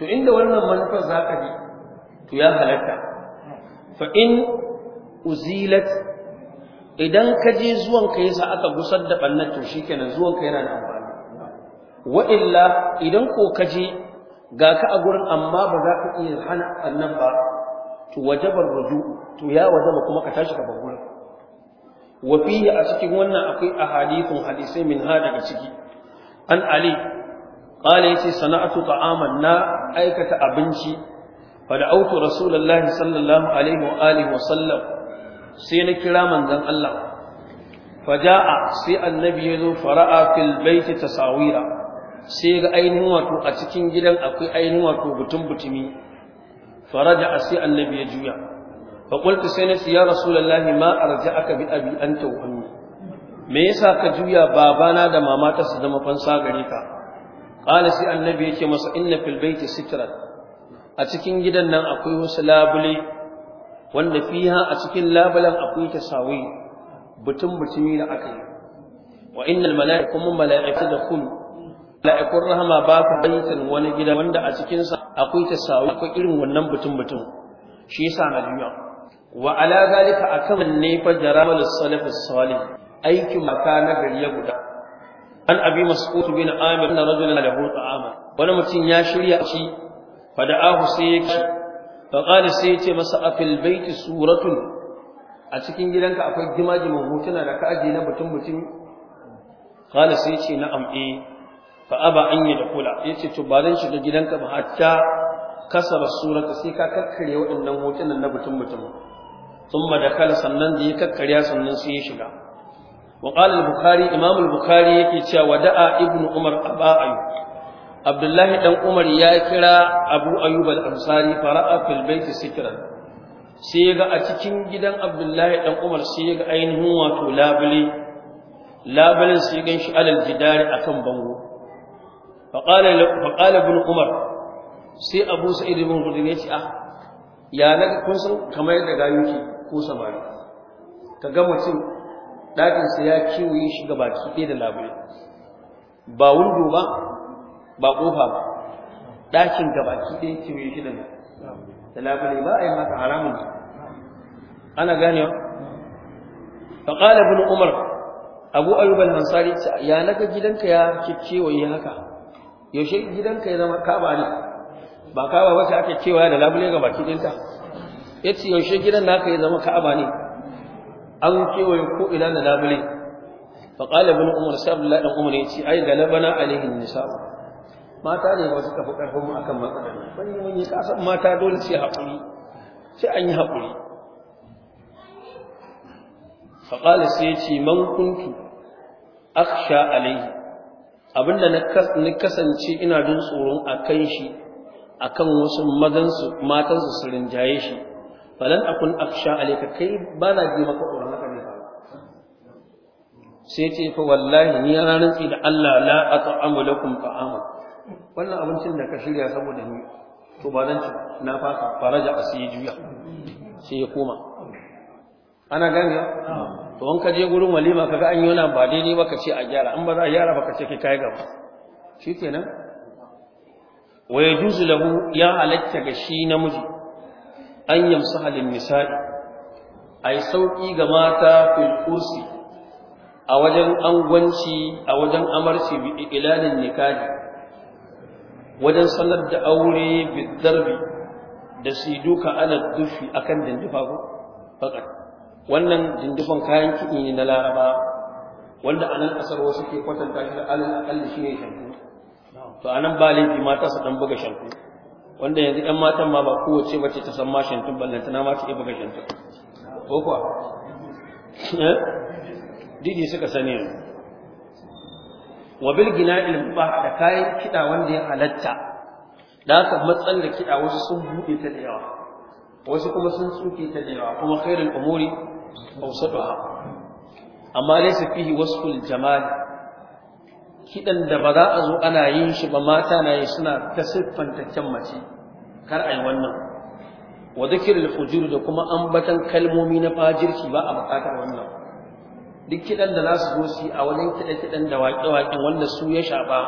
to inda wannan manufar za ka bi to ya halatta fa in uzilat idan ka je zuwan ka yasa aka gusar da ɓannar to shikenan zuwan ka yana da amfani wa illa idan ko ka je ga ka a gurin amma ba za ka iya hana ɓannan ba to wajabar rudu to ya wajaba kuma ka tashi ka bar gurin wa fihi a cikin wannan akwai ahadithun hadisai min ha daga ciki an ali قال يسي صنعت طعاما نا أيكة أبنشي فدعوت رسول الله صلى الله عليه وآله وسلم سين كراما ذن الله فجاء سي النبي يذو فرأى في البيت تساويرا سيغ أين واتو أتكين جدا أكي أين واتو بتم بتمي فرجع سي النبي يجويا فقلت سينس يا رسول الله ما أرجعك بأبي أنت وأمي me yasa ka juya babana da mamata su zama fansa gare ka qala sai annabi yake masa inna fil baiti sitran a cikin gidan nan akwai wasu labule wanda fiha a cikin labulan akwai tasawi butun butumi da aka yi wa innal mala'iku mun mala'ika da kun mala'ikun rahama ba ka baitan wani gidan wanda a cikin sa akwai ta tasawi akwai irin wannan butun butun shi yasa na duniya wa ala zalika akan ne fa jaramal salafus salih aikin maka na gari ya guda an abi mas'ud bin amir anna rajulan lahu ta'ama wani mutum ya shirya shi fada'ahu sai yake fa qala sai yace masa afil baiti suratun a cikin gidanka akwai gimajiman hotuna da ka aje na batun mutum qala sai yace na'am eh fa aba an yadkhula yace to ba zan shiga gidanka ba hatta kasara surata sai ka kakkare waɗannan hotunan na batun mutum thumma dakala sannan da ya kakkarya sannan sai ya shiga وقال البخاري امام البخاري yake cewa wada'a ibnu umar aba ayyub abdullahi dan umar ya kira abu ayyub al-ansari fara'a fil bait sikran sai ga a cikin gidan abdullahi dan umar sai ga ainihin wato labule labulen sai gan shi alal jidari akan bango fa qala ibn umar sai abu sa'id ibn khudri ya ce ah ya naga kun san kamar yadda gayuki ko samari ga mutum ɗakinsa ya kewaye shi ga baki ɗaya da labule ba wundo ba ba ƙofa ba ɗakin ga baki ɗaya kewaye shi da da labule ba a yi haka haramun ana ganewa ƙala bin Umar, abu ayyub al ya naga gidanka ya kikkewaye haka yaushe gidanka ya zama kaba ne ba kaba ba sai aka kewaye da labule ga baki dinka yace yaushe gidan naka ya zama kaba ne an kewaye ko ila na labule fa qala ibn umar sai abdullahi dan umar yace ai labana alaihi nisa mata ne wasu kafa karfin mu akan matsalar bani wani ka san mata dole sai hakuri sai an yi hakuri fa qala sai yace man kuntu akhsha alaihi abinda na kasance ina jin tsoron akan shi akan wasu madansu matansu su rinjaye shi falan akun aksha alayka kai ba na ji maka sai ce fa wallahi ni na rantsi da Allah la at'amu lakum ta'ama wannan abincin da ka shirya saboda ni to ba zan ci na fasa faraja a sai juya sai ya koma ana gane to in ka je gurin walima kaga an yi wani ba daidai ba ka ce a gyara an ba za a gyara ba ka ce ki kai gaba shikenan wa yajuzu lahu ya halatta ga shi namiji an yamsa halin nisa'i ai sauki ga mata fil kursi a wajen angwanci a wajen amarci bi ilanin nikahi wajen sanar da aure bi darbi da su duka ana dufi akan dindufa ko fakat wannan dindufan kayan kiɗi ne na laraba wanda a nan ƙasar wasu ke kwatanta shi da alƙalli shi ne shanku to a nan ba laifi mata su ɗan buga shanku wanda yanzu ‘yan matan ma ba kowace mace ta san ma shantun ballantana ma ta iya buga shantun ko kuwa eh? didi suka sani yanzu wa bil gina'il mubah da kayan kiɗa wanda ya halatta da haka matsalar kiɗa wasu sun buɗe ta da yawa wasu kuma sun tsuke ta da yawa kuma khairul umuri awsatuha amma laysa fihi wasful jamal kiɗan da ba za a zo ana yin shi ba mata na yi suna ta siffanta kyan mace kar a yi wannan wa dhikr al fujur da kuma ambatan kalmomi na fajirci ba a buƙatar wannan duk kiɗan da za su zo su a wajen kiɗe-kiɗen da waƙe-waƙen wanda su ya shafa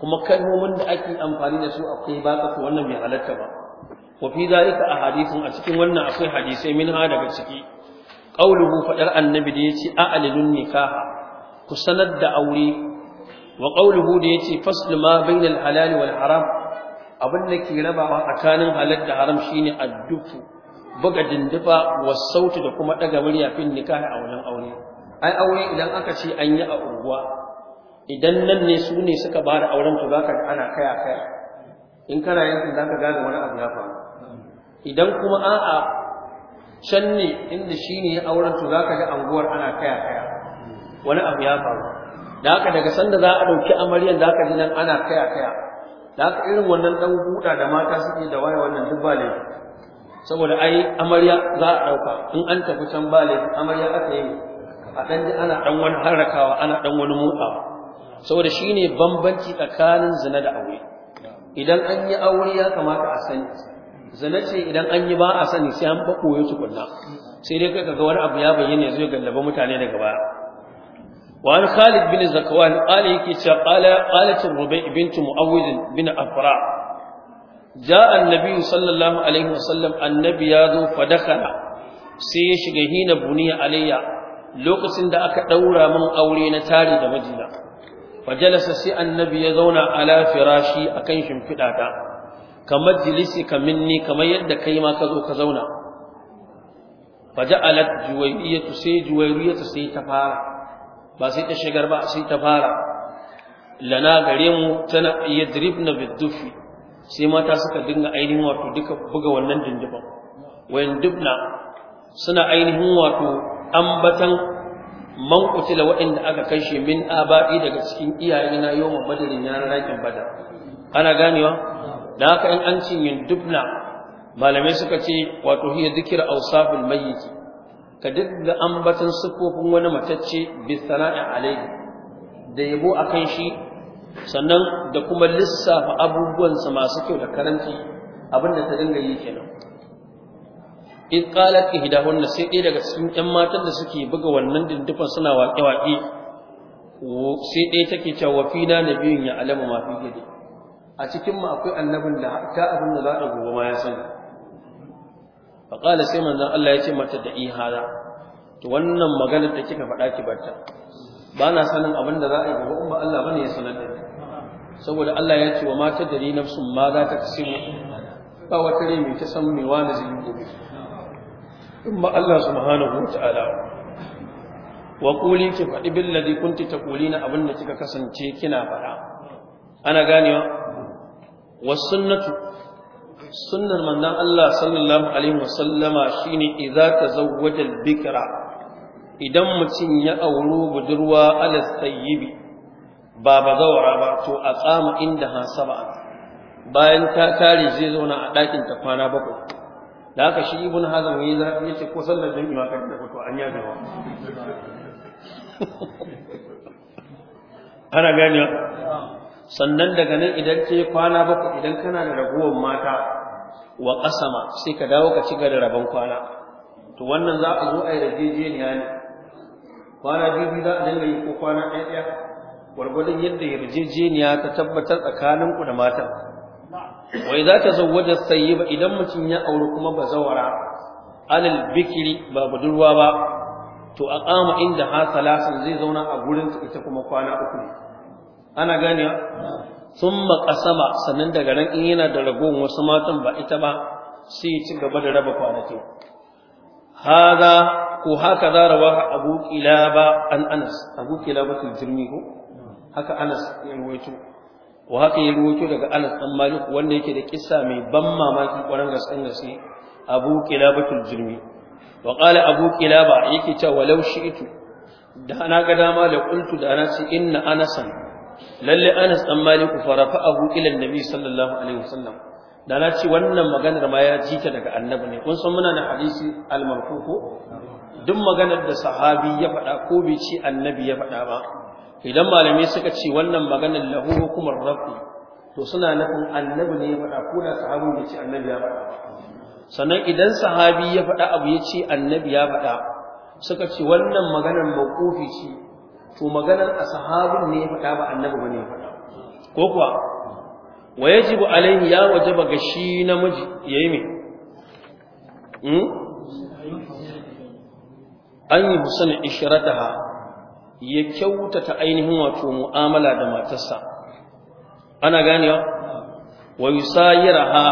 kuma kalmomin da ake amfani da su akwai ba wannan bai halatta ba wa fi zalika a hadisin a cikin wannan akwai hadisai min ha daga ciki qauluhu fadar annabi da yace a'lilun nikaha ku sanar da aure wa qauluhu da yace fasl ma bainal halal wal haram abin da ke rabawa tsakanin halal da haram shine addufu buga dindifa was sautu da kuma daga murya fin nikahi a wannan aure ai aure idan aka ce an yi a unguwa idan nan ne su ne suka ba da auren to zaka ana kaya kaya in kana yankin zaka gane wani abu ya faru idan kuma a'a can ne inda shi ne auren to zaka ga anguwar ana kaya kaya wani abu ya faru da haka daga sanda za a ɗauki amaryan da ka ji nan ana kaya kaya da haka irin wannan ɗan buɗa da mata suke da waye wannan duk ba laifi saboda ai amarya za a ɗauka in an tafi can ba laifi amarya aka yi a ji ana ɗan wani harakawa ana ɗan wani motsawa saboda shine bambanci tsakanin zina da aure idan an yi aure ya kamata a sani zina ce idan an yi ba a sani sai an bakoye tukunna sai dai kaga wani abu ya bayyana ya zo ya gallaba mutane daga baya وعن خالد بن زكوان قال يكي قال قالت الربيع بنت معوذ بن أفراء جاء النبي صلى الله عليه وسلم النبي ياذو فدخل hina بني علي lokacin da aka daura min aure na tare da majina fajalasa sai annabi ya zauna ala firashi akan shimfiɗa ta kamar jilisi ni kamar yadda kai ma ka zo ka zauna faja'alat juwayiyatu sai juwayiyatu sai ta fara ba sai ta shigar ba sai ta fara lana gare mu tana yadribna bidufi sai mata suka dinga ainihin wato duka buga wannan dindiban wayan dubna suna ainihin wato ambatan man kutila waɗanda aka kashe min abadi daga cikin iyayena yawan badarin yana rakin badar ana ganewa dan haka in an yin dubna malamai suka ce wato hiya zikir awsafil mayyit ka dinga ambatan sifofin wani matacce bi sana'i alai, da yabo akan shi sannan da kuma lissafa abubuwansa masu kyau da karanci abinda ta dinga yi kenan in qalat ihdahunna sai ɗaya daga cikin ƴan matan da suke buga wannan dindifan suna waƙe waƙe sai ɗaya take cewa wa fina nabiyun ya alama ma fi gadi a cikin mu akwai annabin da ta abin da za a gobe ma ya sani fa qala sai manzon Allah ya ce mata da ihada to wannan maganar da kika faɗa ki barta ba na sanin abin da za a yi gobe in ba Allah bane ya sanar da ni saboda Allah ya ce wa mata da ni nafsun ma za ta kasimu ba wata rai mai ta san me wani zai yi gobe in ba Allah subhanahu wa ta'ala wa quli ki faɗi bil ladhi kunti abinda kika kasance kina faɗa ana ganewa was sunnatu sunnar manzon Allah sallallahu alaihi wasallama shine idza tazawwaja wajen bikira, idan mutum ya auru budurwa alas tayyibi ba ba zawara ba to a tsama inda hasaba bayan ta kare zai zauna a ɗakin kwana bakwai da haka shi ibn hazm yayi zafi yace ko sallar jami'i ma kan da fito an ya wa ana gane sannan daga nan idan ke kwana bakwai idan kana da raguwar mata wa ƙasama, sai ka dawo ka ci da rabon kwana to wannan za a zo a yi rajejeniya ne kwana biyu za a dinga yi ko kwana ɗaya ɗaya gwargwadon yadda yarjejeniya ta tabbatar tsakaninku da matan wai za tazawwaja sayyiba idan mutum ya auri kuma bazawara alal bikiri ba budurwa ba to a kama inda ha zai zauna a gurin ita kuma kwana uku ana gane sun makasama sannan daga ran in yana da ragon wasu matan ba ita ba sai ya ci gaba da raba kwanaki hada ko haka za rawa abu kilaba an anas abu kilaba tul ko haka anas ya ruwaito wa haka ya ruwaito daga Anas dan Malik wanda yake da kissa mai ban mamaki kwaran gaskiya gaske Abu Qilabatul Jurmi wa qala Abu Qilaba yake cewa walau shi'tu da na ga dama da qultu da Anas inna Anasan lalle Anas dan Malik fa rafa'ahu ila Nabi sallallahu alaihi wasallam da na ce wannan maganar ma ya ji ta daga annabi ne kun san muna da hadisi al-marfu duk maganar da sahabi ya faɗa ko bai ce annabi ya faɗa ba idan malamai suka ce wannan maganar lahu hukumar rafi to suna nufin annabi ne ya faɗa ko da sahabin ya ce annabi ya faɗa sannan idan sahabi ya faɗa abu ya ce annabi ya faɗa suka ce wannan maganar mawqufi ce to maganar a sahabin ne ya faɗa ba annabi ba ne ya faɗa ko kuwa wa yajibu alaihi ya wajaba ga shi namiji yayi me hmm? an yi musan ishrataha ya kyautata ainihin wato mu'amala da matarsa ana ganewa wa yusayiraha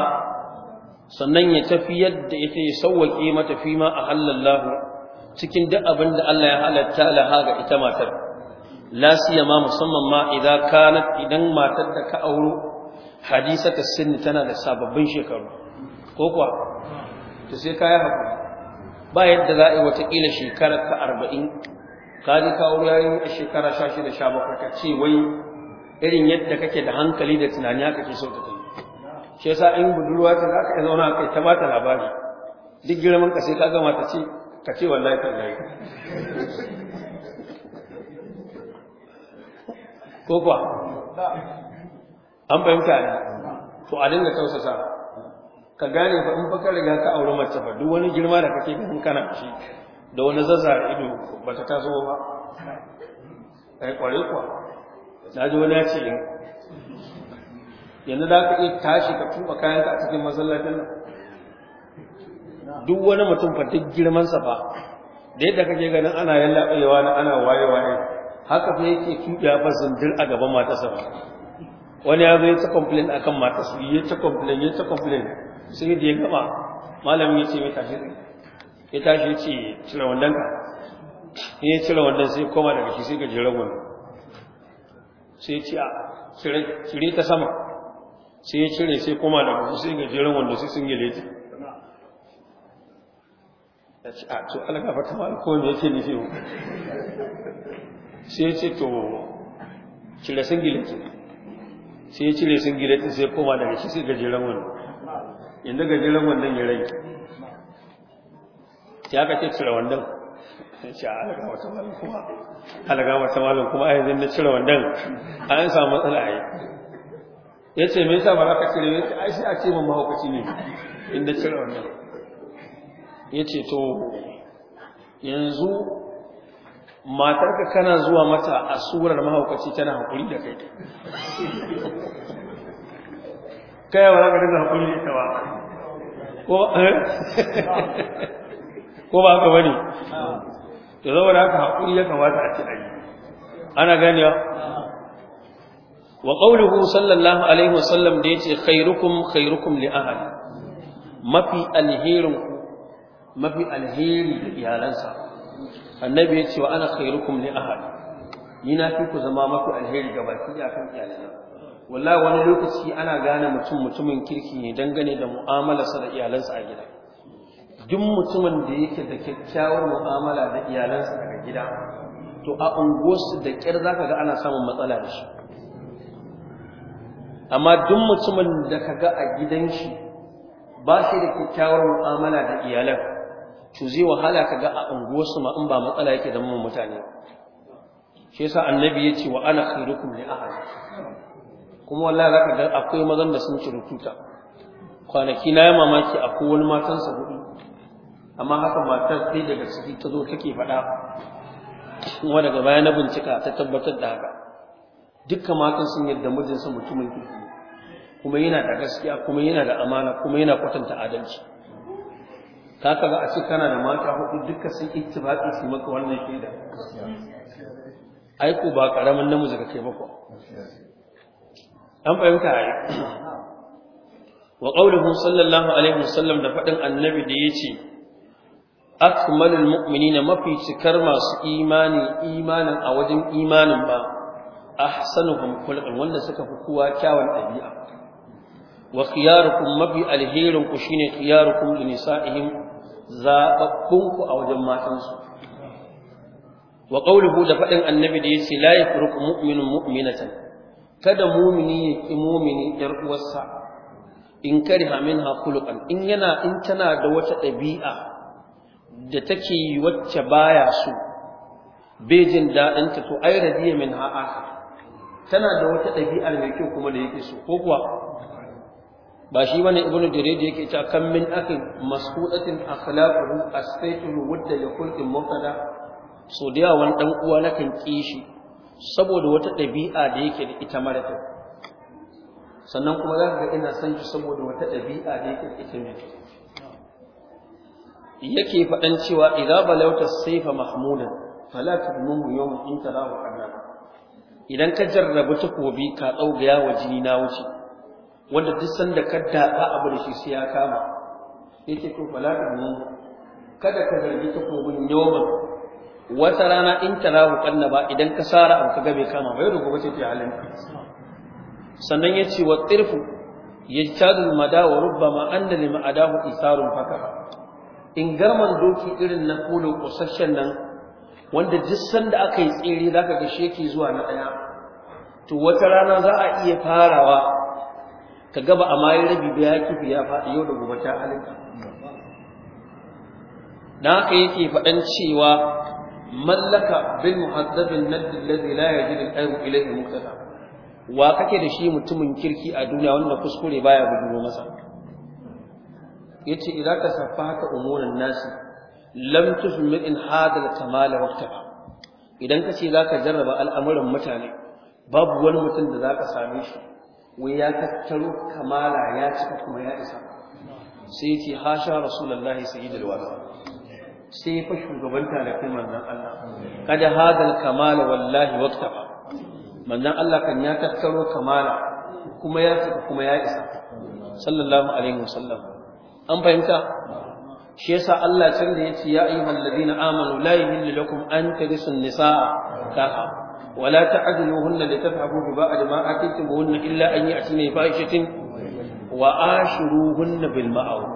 sannan ya tafi yadda ita ya sawwake mata fima a Lahu. cikin duk abin da Allah ya halatta laha ga ita matar la ma musamman ma idan kanat idan matar da ka auro hadisata sinni tana da sababbin shekaru ko kuwa to sai yi hakuri ba yadda za a yi watakila shekarar ta arba'in ka ji ka wuri yayin a shekara sha shida sha bakwai ka ce wai irin yadda kake da hankali da tunani haka ke so ta tafi shi yasa in budurwa ta za ka yi zauna kai ta bata labari duk girman ka sai ka gama ta ce ka ce wallahi tallahi ko kuwa an fahimta ne to a dinga tausasa ka gane fa in fa ka riga ka aure mace fa duk wani girma da kake ganin kana shi da wani zazzara ido ba ta taso ba ai eh, kwarai kuwa na ji wani ya ce yin yanzu da ka iya tashi ka tuba kayanka a cikin masallacin nan duk wani mutum fa duk sa ba da yadda kake ganin ana yallaɓewa na ana waye-waye haka fa yake tuɓe fa zindir a gaban mata ba wani ya zo ya ta complain akan su ya ta complain ya ta complain sai da ya gaba malamin ya ce mai tashi ya tashi ce cire wannan ka ya cire wannan sai koma daga shi sai gajeren wani sai ci a cire ta sama sai ya cire sai koma daga shi sai ga gajeren wanda sai sun gile ta ya ce a to algafa ta ma alkohol ya ce ni sai sai ya ce to cire sun gile ta sai ya cire sun gile ta sai koma daga shi sai ga gajeren wani inda ga gajeren wannan ya rage Ya aka ce cire wandan ce a ah, alaga wata malin kuma alaga wata malin kuma a yanzu na cire wandan an samu matsala a yi ya ce me yasa ba za ka cire ya ce ai a ce min mahaukaci ne inda cire wandan ya ce to yanzu matar ka kana zuwa mata a surar mahaukaci tana haƙuri da kai kai ba za ka dinga haƙuri da ita ba ko eh? ko ba haka bane to saboda haka hakuri ya kamata a ci a ana gani wa qawluhu sallallahu alaihi wasallam da yace khairukum khairukum li ahli mafi alherin mafi alheri da iyalansa annabi yace wa ana khairukum li ahli ni na fi ku zama maku alheri ga baki da kan iyalana wallahi wani lokaci ana gane mutum mutumin kirki ne dangane da mu'amalarsa da iyalansa a gida duk mutumin da yake da kyakkyawar mu'amala da iyalansa daga gida to a unguwarsu da ƙyar za ka ga ana samun matsala da shi amma duk mutumin da ka ga a gidan shi ba shi da kyakkyawar mu'amala da iyalan to zai wahala ka ga a unguwarsu ma in ba matsala yake da mun mutane shi yasa annabi ya ce wa ana khairukum li ahli kuma wallahi zaka ga akwai mazan da sun ci rututa kwanaki na yi mamaki akwai wani matansa hudu amma haka matar sai daga ciki ta zo take faɗa kuma daga baya na bincika ta tabbatar da haka Dukka matan sun yadda mijinsa mutumin kirki kuma yana da gaskiya kuma yana da amana kuma yana kwatanta adalci ka kaga a ce kana da mata hudu duka sun ittifaqi su maka wannan shaida aiko ba karamin namiji ka kai ba ko an fahimta ai wa qawluhu sallallahu alaihi wasallam da fadin annabi da yace akmalul mu'minina mafi cikar masu imani imanin a wajen imanin ba ahsanuhum khulqan wanda suka fi kowa kyawun ɗabi'a wa khiyarukum mafi alherin ku shine khiyarukum li nisa'ihim zababbun ku a wajen matansu wa qawluhu da fadin annabi da yace la yafruqu mu'minun mu'minatan kada mu'mini ya mu'mini yar uwarsa in kariha minha khuluqan in yana in tana da wata ɗabi'a da take yi wacce baya so bejin daɗinta to ai radiya min ha'aka tana da wata ɗabi'a mai kyau kuma da yake so ko kuwa ba shi wani ibnu da yake cewa kan min akin mas'udatin akhlaquhu astaytul wadda ya kulkin mutada so da yawan dan uwa na kan kishi saboda wata ɗabi'a da yake da ita mara kyau sannan kuma za ka ga ina son shi saboda wata ɗabi'a da yake da ita mai yake faɗan cewa idza balauta sayfa mahmudan fala tudmuhu yawm in tarahu adab idan ka jarrabu takobi ka tsaugaya wa jini na wuce wanda duk sanda ka daɗa abu da shi sai ya kama yake to fala tudmuhu kada ka zargi takobin yawman wata rana in ta tarahu ba idan ka sara abu ka ga bai kama bai ba ce ke halin sannan yace wa tirfu yajtadul mada wa rubbama anna lima adahu isarun fakaha in garman doki irin na kolo kusasshen nan wanda duk sanda aka yi tsere za ka gashe ke zuwa na ɗaya to wata rana za a iya farawa ka gaba a mayan rabi ya kifi ya faɗi yau da gobe ta halitta na haka yake faɗan cewa mallaka bil muhaddabin nadi alladhi la yajid al-ayru ilayhi muqtada wa kake da shi mutumin kirki a duniya wanda kuskure baya bujuro masa ka safa haka umurin nasi lam tusmi in hada da kamala kamal ba idan ka ce za ka jarraba al'amuran mutane babu wani mutum da za ka same shi wai ya tattaro kamala ya cika kuma ya isa sai yace hasha rasulullahi sayyidul wada sai fa shugaban talakin manzon Allah kada hadal kamala wallahi waqtaba manzon Allah kan ya tattaro kamala kuma ya cika kuma ya isa sallallahu alaihi wasallam an fahimta shi yasa Allah can da yace ya ayyuhal ladina amanu la yuhillu lakum an tarisu nisaa kaha wala ta'diluhunna litafhabu bi ba'd ma atitumuhunna illa an ya'tina fahishatin wa ashiruhunna bil ma'ruf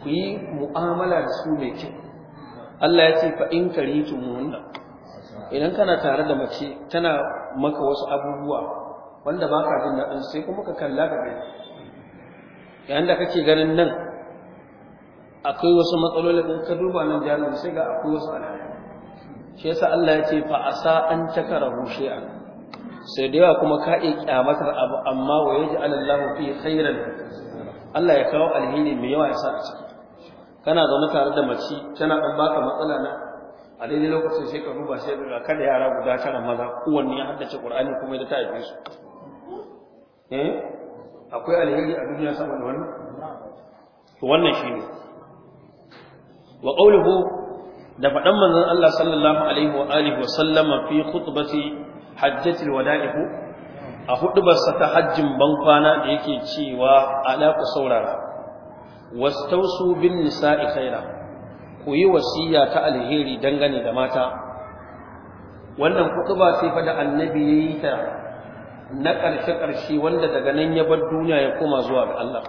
ku yi mu'amala da su mai kyau Allah ya ce fa in karitum idan kana tare da mace tana maka wasu abubuwa wanda ba ka jin daɗin sai kuma ka kalla ka gani yayin da kake ganin nan akwai wasu matsaloli da ka duba nan jami'i sai ga akwai wasu alheri shi yasa Allah ya ce fa asa an takara shay'an sai da yawa kuma ka iya kyamatar abu amma wa yaji alallahu fi khairan Allah ya kawo alheri mai yawa ya sa a ciki kana zaune tare da mace tana dan baka matsala na a daidai lokacin sai ka duba sai ga kada yara guda tara maza kowanne ya haddace Qur'ani kuma da ta haife su eh akwai alheri a duniya saboda da wannan to wannan shine wa qawluhu da faɗan manzon Allah sallallahu alaihi wa alihi wa sallama fi khutbati hajjatil wada'i a sa ta hajjin bankwana da yake cewa ala ku saurara wastausu bin nisa'i khaira ku yi wasiya ta alheri dangane da mata wannan kutuba sai fa da annabi yayi ta na ƙarshe ƙarshe wanda daga nan ya bar duniya ya koma zuwa ga Allah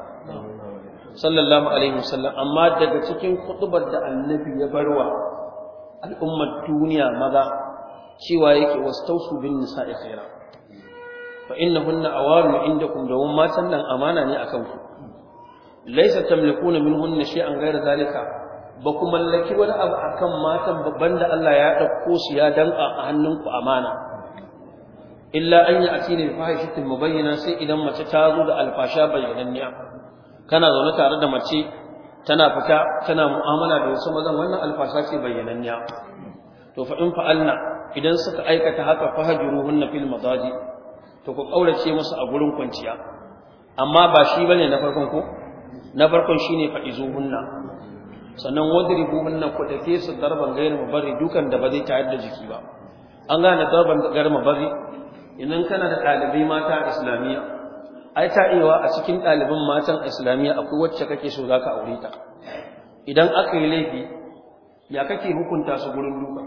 sallallahu alaihi wasallam amma daga cikin kutubar da annabi ya barwa al'ummar duniya maza cewa yake wasu tausu bin a khaira fa innahunna awaru inda domin matan nan amana ne a kanku laisa tamlikuna minhunna shay'an ghayra zalika ba ku mallaki wani abu akan matan babban da Allah ya ɗauko su ya danƙa a hannunku amana illa an yi asiri bi fahishatin mubayyana sai idan mace ta zo da alfasha bayyananniya kana zaune tare da mace tana fita tana mu'amala da wasu mazan wannan alfasha ce bayyananniya to fa fa'alna idan suka aikata haka fahjuruhunna fil madaji to ku kaurace musu a gurin kwanciya amma ba shi bane na farkon ko na farkon shine fa'izuhunna sannan wadribuhunna ku dake su darban gairu mabari dukan da ba zai tayar da jiki ba an gane darban gairu mabari idan kana da ɗalibai mata a islamiyya ai ta iya a cikin ɗaliban matan a islamiyya akwai wacce kake so za ka aure ta idan aka yi laifi ya kake hukunta su gurin duka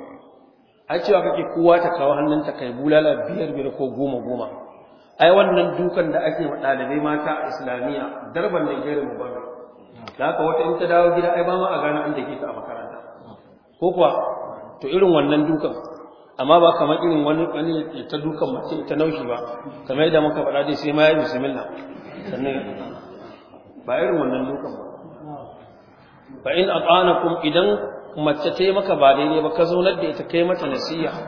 ai cewa kake kowa ta kawo hannunta kai bulala biyar biyar ko goma goma ai wannan dukan da ake wa ɗalibai mata a islamiyya darban da gairin mu ba da haka wata in ta dawo gida ai ba ma a gane an da ke ta a makaranta ko kuwa to irin wannan dukan amma ba kamar irin wani wani ta dukan mace ta naushi ba kamar yadda muka faɗa dai sai ma ya bismillah sannan ba irin wannan dukan ba fa in atanakum idan mace ta yi maka ba daidai ba ka zaunar da ita kai mata nasiha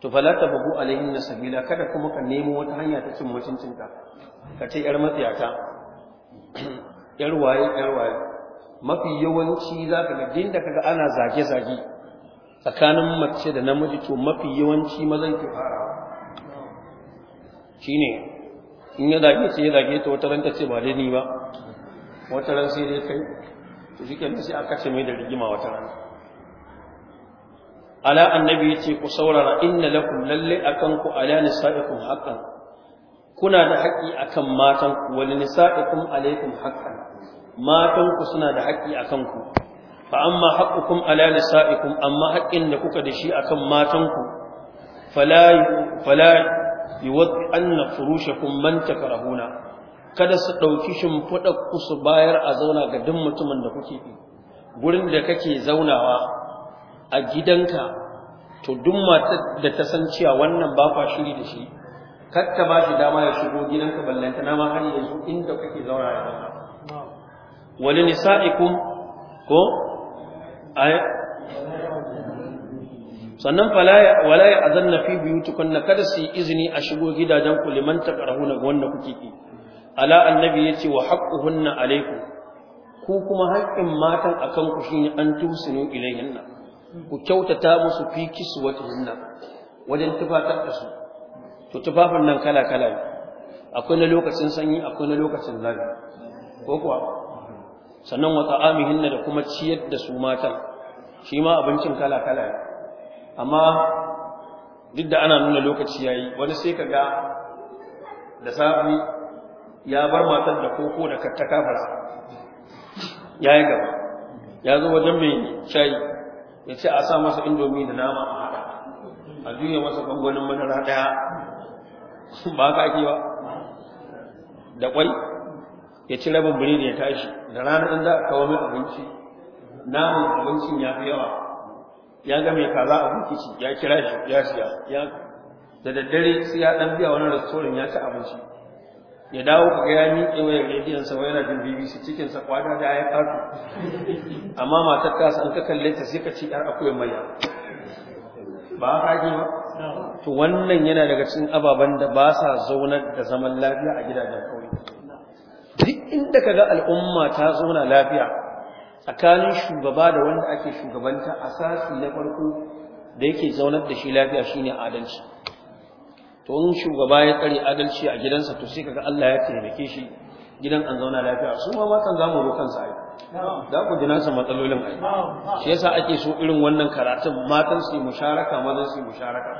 to fala ta bugu alaihin na sabila kada kuma ka nemo wata hanya ta cin mutuncinta ka ce yar matsiyata yar waye yar waye mafi yawanci za ka ga kaga ana zage-zage tsakanin mace da namiji to mafi yawanci mazan ke fara Shi ne. in ya zage ce ya zage ta wata ranta ce ba dai ni ba wata ran sai dai kai to shi kenan sai aka ce mai da rigima wata ran ala annabi yace ku saurara inna lakum lalle akan ku ala nisaikum haqqan kuna da haƙƙi akan matan ku wal nisaikum alaikum haqqan matan ku suna da haƙƙi akan ku fa amma haqqukum ala nisaikum amma haƙƙin da kuka da shi akan matanku fala fala yuwaddi anna furushakum man takrahuna kada su dauki shimfidar ku su bayar a zauna ga duk mutumin da kuke yi gurin da kake zaunawa a gidanka to duk matar da ta san cewa wannan ba kwa shiri da shi kar ta ba shi dama ya shigo gidanka ballanta na ma har yanzu inda kake zauna ya zauna wani nisa'ikum ko sannan wala ya azanna fi na kada su yi izini a shigo gidajen ku liman taqrahuna ga wanda kuke ki ala annabi yace wa haqquhunna alaikum ku kuma haƙƙin matan akan ku shine an tusinu ilayhinna ku kyautata musu fi kiswatihinna wajen tufatar da su to tufafin nan kala kala ne akwai na lokacin sanyi akwai na lokacin zafi ko kuwa sannan wata hinna da kuma ciyar da su matan shi ma abincin kala kala ne amma duk da ana nuna lokaci ya yi wani sai ka ga da safi ya bar matar da koko da ya yi gaba ya zo wajen mai shayi ya ce a sa masa indomi da nama a haɗa a juya masa bangonin madara ɗaya ba ka ake ba da kwai. ya ci labin biri ya tashi da rana in za a kawo min abinci namun abincin ya fi yawa ya ga mai kaza a bukici ya kira shi ya siya ya da daddare sai ya dan biya wani restoran ya ci abinci ya dawo kaga ya miƙe wayar rediyon sa yana jin BBC cikin sa kwada da ya kafu amma matar ta san ka kalle ta sai ka ci yar akwai maya. ba ka ji ba to wannan yana daga cikin ababen da ba sa zaunar da zaman lafiya a gidajen duk inda ka ga al'umma ta zauna lafiya tsakanin shugaba da wanda ake shugabanta asasi na farko da yake zaunar da shi lafiya shine adalci to in shugaba ya tsare adalci a gidansa to sai kaga Allah ya taimake shi gidan an zauna lafiya su ma matan zamu rokan sa ai za ku ji nasa matsalolin ai shi yasa ake so irin wannan karatun matan su musharaka mazan su musharaka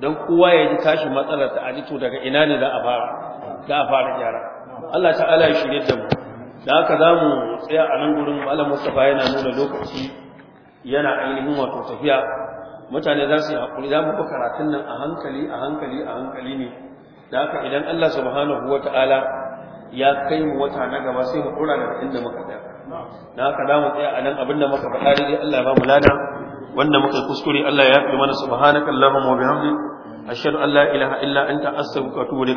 dan kowa ya ji tashi matsalar ta aji to daga ina ne za a fara za a fara gyara Allah ta'ala ya shirye da mu da haka za mu tsaya a nan gurin malam Mustapha yana nuna lokaci yana ainihin wato tafiya mutane za su yi hakuri za mu karatun nan a hankali a hankali a hankali ne da haka idan Allah subhanahu ta'ala ya kai mu wata na gaba sai mu dora daga inda muka tsaya da haka za mu tsaya a nan abinda muka faɗa dai Allah ya ba mu lada wanda muka kuskure Allah ya yafe mana subhanakallahumma wa bihamdik ashhadu an la ilaha illa anta astaghfiruka wa atubu